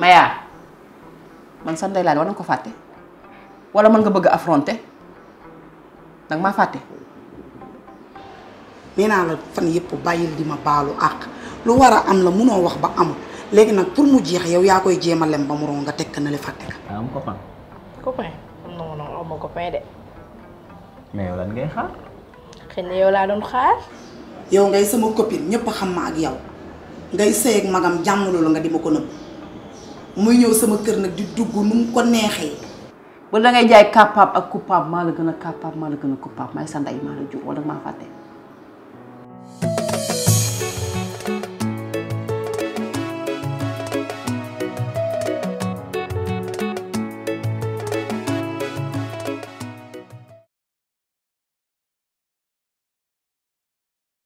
Maya man san day kofate, wala ko faté wala man nga bëgg affronter nak ma faté mina la fan yépp bayil di ma balu ak, lu wara am la mëno wax ba am légui nak pour mu jeex yow ya koy jéem lem ba mu ron nga tek na li faté ka. am copain. copain no no am ko fay dé mais yow lan ngay xaar. xéne yow la doon xaar. yow ngay sama copine ñëpp xam ma ak yow ngay sey ak magam jamm lu nga di ko neub muy ñëw sama kër nag di dugg nu mu ko neexee. ba da ngay jaay capable ak coupable maa la gën a capable maa la gën a coupable maay sa ndey maa la jur wala maa fàtte.